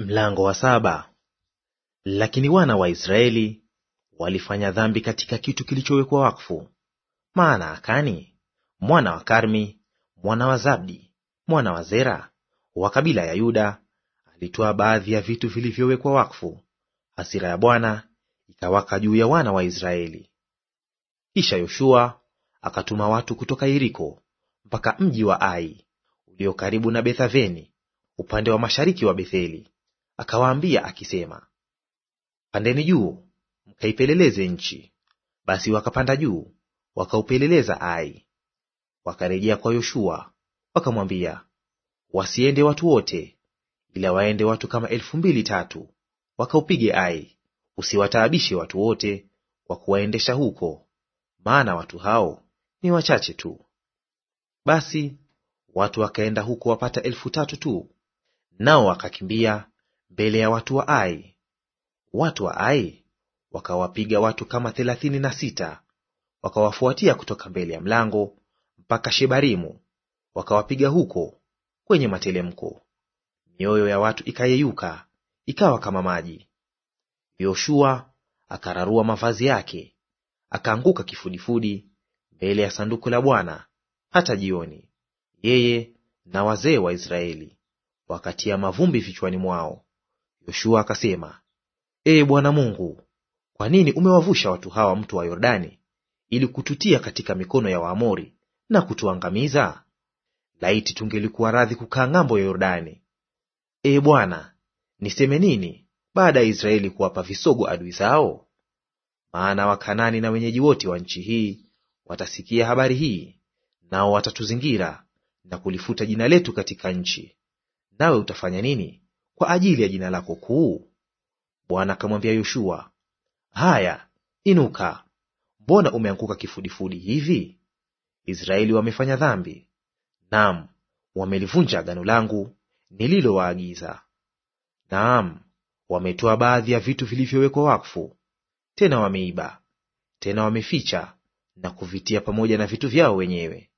Mlango wa saba. Lakini wana wa Israeli walifanya dhambi katika kitu kilichowekwa wakfu. Maana Akani mwana wa Karmi mwana wa Zabdi mwana wa Zera wa kabila ya Yuda alitoa baadhi ya vitu vilivyowekwa wakfu, hasira ya Bwana ikawaka juu ya wana wa Israeli. Kisha Yoshua akatuma watu kutoka Yeriko mpaka mji wa Ai ulio karibu na Bethaveni upande wa mashariki wa Betheli akawaambia akisema, pandeni juu mkaipeleleze nchi. Basi wakapanda juu wakaupeleleza Ai. Wakarejea kwa Yoshua wakamwambia, wasiende watu wote, ila waende watu kama elfu mbili tatu wakaupige Ai. Usiwataabishe watu wote kwa kuwaendesha huko, maana watu hao ni wachache tu. Basi watu wakaenda huko wapata elfu tatu tu, nao wakakimbia mbele ya watu wa Ai. Watu wa Ai wakawapiga watu kama thelathini na sita, wakawafuatia kutoka mbele ya mlango mpaka Shebarimu, wakawapiga huko kwenye matelemko. Mioyo ya watu ikayeyuka ikawa kama maji. Yoshua akararua mavazi yake akaanguka kifudifudi mbele ya sanduku la Bwana hata jioni, yeye na wazee wa Israeli wakatia mavumbi vichwani mwao. Yoshua akasema, Ee Bwana Mungu, kwa nini umewavusha watu hawa mto wa Yordani ili kututia katika mikono ya Waamori na kutuangamiza? Laiti tungelikuwa radhi kukaa ng'ambo ya Yordani. Ee Bwana, niseme nini baada ya Israeli kuwapa visogo adui zao? Maana Wakanani na wenyeji wote wa nchi hii watasikia habari hii, nao watatuzingira na kulifuta jina letu katika nchi. Nawe utafanya nini? kwa ajili ya jina lako kuu? Bwana akamwambia Yoshua, haya, inuka, mbona umeanguka kifudifudi hivi? Israeli wamefanya dhambi, naam, wamelivunja agano langu nililowaagiza. Naam, wametoa baadhi ya vitu vilivyowekwa wakfu, tena wameiba, tena wameficha na kuvitia pamoja na vitu vyao wenyewe.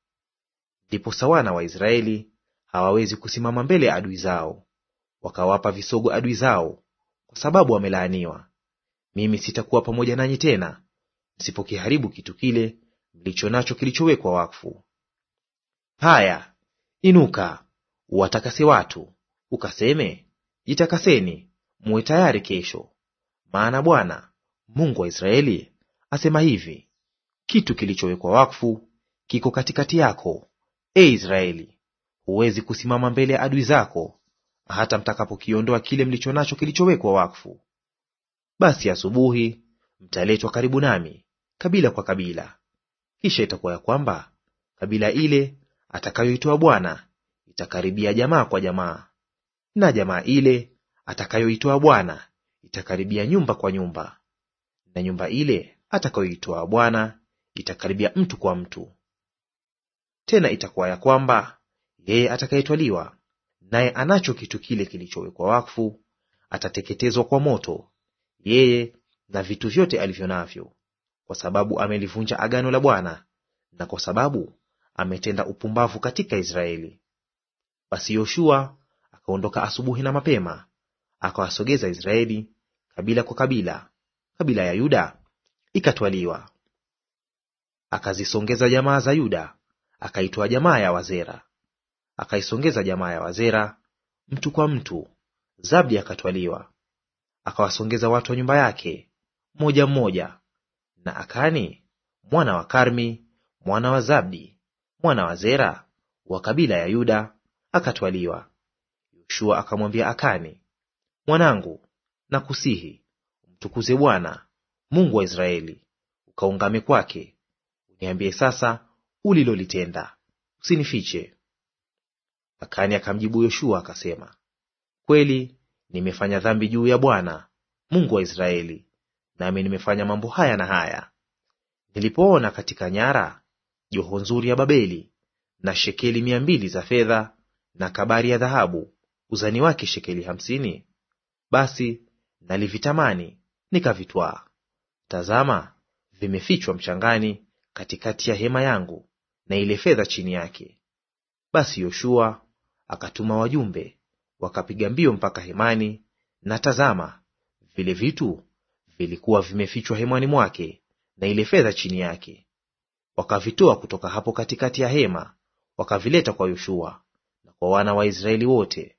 Ndipo sawana wa Israeli hawawezi kusimama mbele ya adui zao, wakawapa visogo adui zao, kwa sababu wamelaaniwa. Mimi sitakuwa pamoja nanyi tena, msipokiharibu kitu kile mlicho nacho kilichowekwa wakfu. Haya, inuka uwatakase watu, ukaseme, jitakaseni muwe tayari kesho, maana Bwana Mungu wa Israeli asema hivi, kitu kilichowekwa wakfu kiko katikati yako, e Israeli; huwezi kusimama mbele ya adui zako hata mtakapokiondoa kile mlicho nacho kilichowekwa wakfu. Basi asubuhi mtaletwa karibu nami kabila kwa kabila. Kisha itakuwa ya kwamba kabila ile atakayoitoa Bwana itakaribia jamaa kwa jamaa, na jamaa ile atakayoitoa Bwana itakaribia nyumba kwa nyumba, na nyumba ile atakayoitoa Bwana itakaribia mtu kwa mtu. Tena itakuwa ya kwamba yeye atakayetwaliwa naye anacho kitu kile kilichowekwa wakfu atateketezwa kwa moto, yeye na vitu vyote alivyo navyo, kwa sababu amelivunja agano la Bwana na kwa sababu ametenda upumbavu katika Israeli. Basi Yoshua akaondoka asubuhi na mapema, akawasogeza Israeli kabila kwa kabila. Kabila ya Yuda ikatwaliwa. Akazisongeza jamaa za Yuda, akaitoa jamaa ya Wazera akaisongeza jamaa ya Wazera mtu kwa mtu. Zabdi akatwaliwa. Akawasongeza watu wa nyumba yake moja mmoja, na Akani mwana wa Karmi mwana wa Zabdi mwana wa Zera wa kabila ya Yuda akatwaliwa. Yoshua akamwambia Akani, mwanangu, nakusihi umtukuze Bwana Mungu wa Israeli, ukaungame kwake, uniambie sasa ulilolitenda, usinifiche. Akani akamjibu Yoshua akasema, kweli nimefanya dhambi juu ya Bwana Mungu wa Israeli, nami nimefanya mambo haya na haya. Nilipoona katika nyara joho nzuri ya Babeli na shekeli mia mbili za fedha na kabari ya dhahabu uzani wake shekeli hamsini, basi nalivitamani nikavitwaa. Tazama, vimefichwa mchangani katikati ya hema yangu, na ile fedha chini yake. Basi Yoshua akatuma wajumbe, wakapiga mbio mpaka hemani, na tazama, vile vitu vilikuwa vimefichwa hemani mwake, na ile fedha chini yake. Wakavitoa kutoka hapo katikati ya hema, wakavileta kwa Yoshua na kwa wana wa Israeli wote,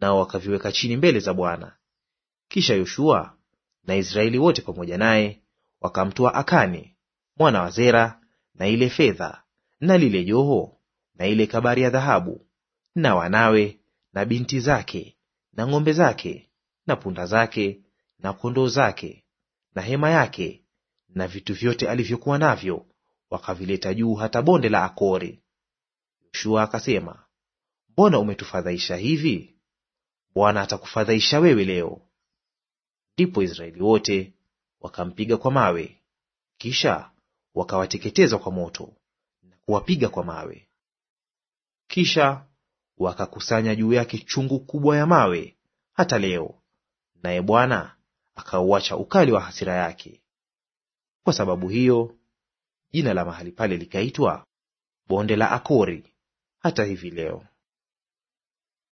nao wakaviweka chini mbele za Bwana. Kisha Yoshua na Israeli wote pamoja naye wakamtoa Akani mwana wa Zera na ile fedha na lile joho na ile kabari ya dhahabu na wanawe na binti zake na ng'ombe zake na punda zake na kondoo zake na hema yake na vitu vyote alivyokuwa navyo wakavileta juu hata bonde la Akori. Yoshua akasema, mbona umetufadhaisha hivi? Bwana atakufadhaisha wewe leo. Ndipo Israeli wote wakampiga kwa mawe, kisha wakawateketeza kwa moto na kuwapiga kwa mawe. Kisha wakakusanya juu yake chungu kubwa ya mawe hata leo, naye Bwana akauacha ukali wa hasira yake. Kwa sababu hiyo jina la mahali pale likaitwa Bonde la Akori hata hivi leo.